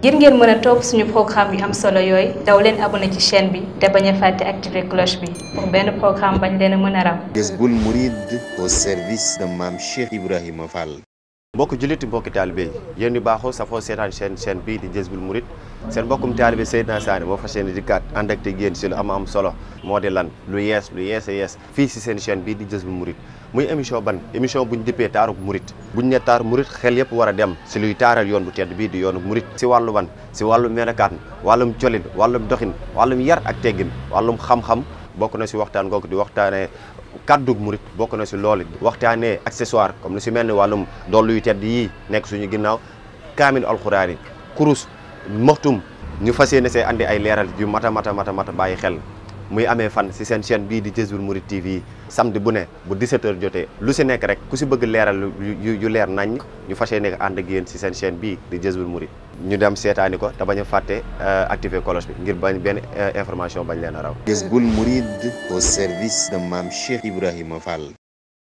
ngir ngeen mën a topp suñu programme yu am solo yooyu daw leen abonné ci chen bi te bañ a fàtte activer cloche bi benn programme bañ leen a mën a ram Jazboul Mouride au service de Mame Cheikh Ibrahima Fall mbokk jullit mbokki taalibe yi yéen di baaxoo safoo seetaan seen chaîne bii di Jazboul Mouride seen mbokkum taalibe Seydina Sané moo fas yéene dikkaat ànd ak te génn si lu am am solo moo di lan lu yees lu yees a yees fii si seen chaîne bii di Jazboul Mouride muy émission ban émission buñ dippee taarub Mouride buñ ne taar Mouride xel yëpp war a dem si luy taaral yoon bu tedd bii di yoonu murit si wàllu wan si wàllum melokaan wàllum colin wàllum doxin wàllum yar ak teggin wàllum xam bokk na si waxtaan googu di waxtaanee kàddug murit bokk na si loolu waxtaanee accessoire comme lu si mel ni wàllum dollu yu tedd yii nekk suñu ginnaaw kaamil alxuraan yi kurus moxtum ñu fas yéene see andi ay leeral yu mata mata mata mata bàyyi xel muy amee fan si seen chaîne bii di Jazboul Mouride TV samedi bu ne bu 17h jotee lu si nekk rek ku si bëgg leeral yu yu leer nañ ñu fas nekk ànd ak yéen si seen chaîne bii di Jazboul Mouride ñu dem seetaani ko te bañu a fàtte euh, activer cologe bi ngir bañ benn euh, information bañ leen a raw. Jazboul Mouride au service de Mame Cheikh Ibrahima Fall.